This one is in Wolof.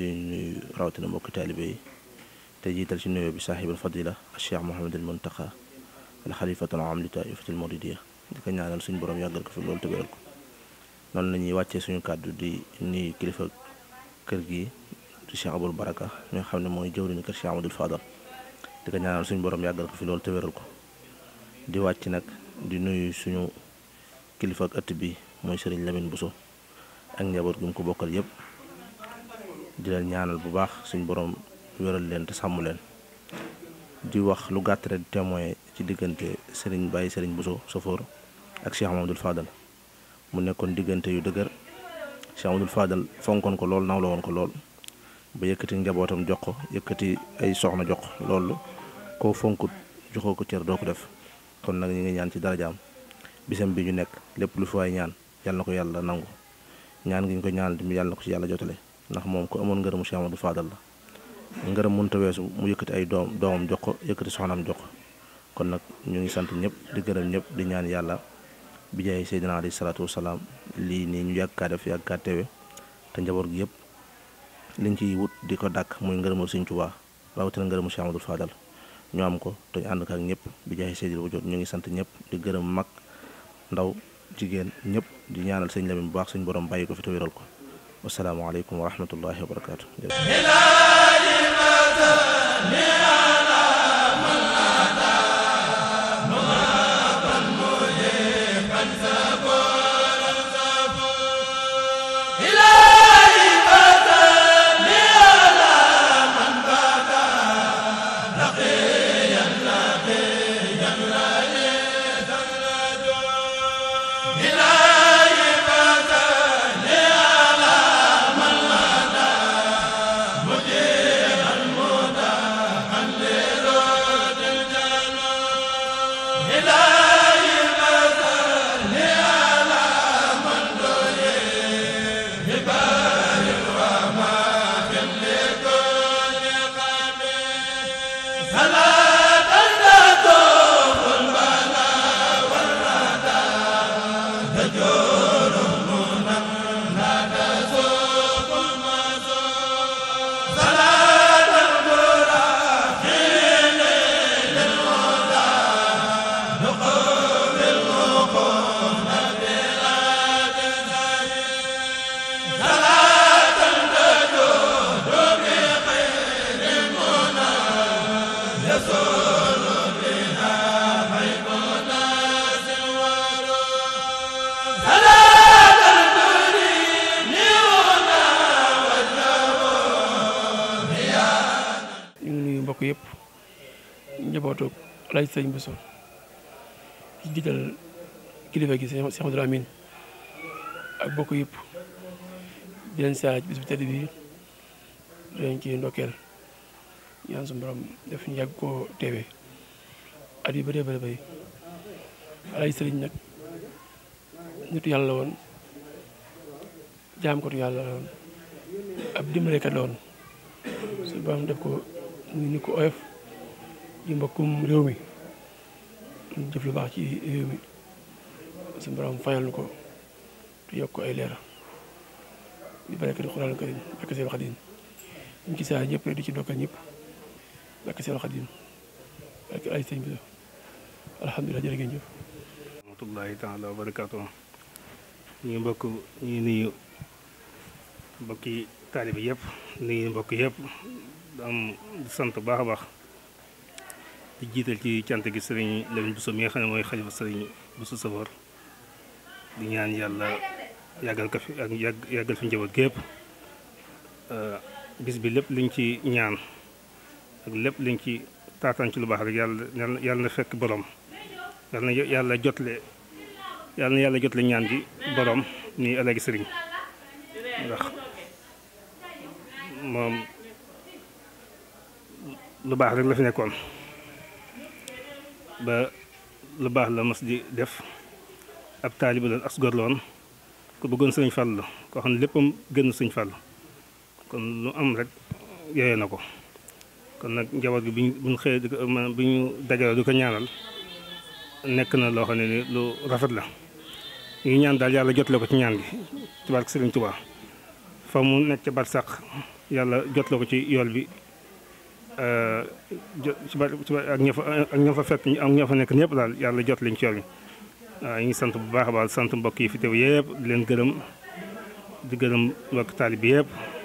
di nuyu rawatina mbokki taalibe yi te jiital ci nuyoo bi saaxibal fadila ak cheikh Mouhamadul Muntaxa alxalifatul am li taifatil muridiya di ko ñaanal suñu borom yàggal ko fi loolu tëgëral ko noonu la ñuy wàccee suñu kàddu di nuyu kilifa kër gi di cheikh Abul Baraka xam ne mooy jëwriñu kër cheikh Amadul Fadal di ko ñaanal suñu borom yàggal ko fi loolu tëgëral ko di wàcc nag di nuyu suñu kilifa ak ëtt bi mooy Serigne Lamine Bousso ak njaboot gi mu ko bokkal yëpp. di leen ñaanal bu baax suñ boroom wéral leen te sàmm leen di wax lu gàtt rek témoin ci diggante Serigne Baye Serigne Bousso Sofoor ak Cheikh Mamadou Fadal mu nekkoon diggante yu dëgër Cheikh Mamadou Fadal fonkoon ko loolu naw la woon ko lool ba yëkkati njabootam jox ko yëkkati ay soxna jox ko loolu koo fonkut joxoo ko cër doo ko def kon nag ñu ngi ñaan ci darajaam bisam bi ñu nekk lépp lu fi waay ñaan yàlla na ko yàlla nangu ñaan gi ko ñaanal tamit yàlla ko ci yàlla jotale ndax moom ku amoon ngërëmu Cheikh du faadal la ngërëm mënta weesu mu yëkkati ay doom doomam jox ko yëkkati soxnaam jox ko kon nag ñu ngi sant ñëpp di gërëm ñëpp di ñaan yàlla bi jaay Seydina alayhi salaatu wasalaam lii nii ñu yàgg kaa def yàgg kaa teewe te njaboot gi yëpp liñ wut di ko dàkk muy ngërëmul Sëñ Tuubaa rawatina ngërëmu Cheikh Amadou Fadal ñu am ko te ànd ak ñëpp bi jaay Seydina wujjoot ñu ngi sant ñëpp di gërëm mag ndaw jigéen ñëpp di ñaanal sëñ Lamin bu baax suñ borom bàyyi ko fi te wéral ko wasalaamaaleykum wa rahmatullahi wa barakaatu. yëpp njabootu lay sëñ Bousso ci digal kilifa gi Cheikh Abdoul Amine ak bokk yëpp di leen saa bis bu tedd bi di ci ndokkeel ñaan suñu borom def ñu yàgg koo teewee at yu bëree bëri bëri alay sëriñ nag nitu yàlla la woon jaamkatu yàlla la woon ab dimbalekat la woon suñu borom def ko muy ni ko oyof di mbokkum réew mi ñu jëf lu baax ci réew mi suñu borom fayal nu ko te yokk ko ay leer di barakati xuraan karim ak seen xadim ñu ci saa ñëpp rek di ci dokkal ñëpp barke Seex Xaadim ak ay sëñ bi alhamdulilah jërë ngeen jëf. rahmatullahi taala wa barakaatu ñu mbokk ñu nuyu mbokki taalibe yëpp nuyu mbokk yëpp am sant bu baax baax di jiital ci cant gi sëriñ Lamine Bousso mi nga xam ne mooy xalifa sëriñ Bousso Safar di ñaan yàlla yàggal ko fi ak yàggal fi njaboot gépp bis bi lépp luñ ci ñaan. ak lépp liñ ci taataan ci lu baax rek yàlla yàlla na fekk borom yàlla na yàlla jotle yàlla na yàlla jotle ñaan gi borom nii alagi sëriñ ndax moom lu baax rek la fi nekkoon ba lu baax la mas di def ab taaliba la as gor la woon ku bëggoon sëriñ Fàllu koo xam ne léppam gën sëriñ Fàllu kon lu am rek yooyee na ko kon nag njaboot gi bi ñu bu ñu xëyee di ko bi ñu dajaloo di ko ñaanal nekk na loo xam ni lu rafet la ñu ñaan daal yàlla jotale ko ci ñaan gi ci barke Sëriñ Tuubaa fa mu nekk ca barsàq yàlla jotale ko ci yool bi euh, ci ba ak ña fa ak ña fa fekk ak ña fa nekk ñëpp daal yàlla jot lañ ci yool bi waaw ñu ngi sant bu baax a baax sant mbokk yi fi teew yëpp di leen gërëm di gërëm mbokk taalibe bi yëpp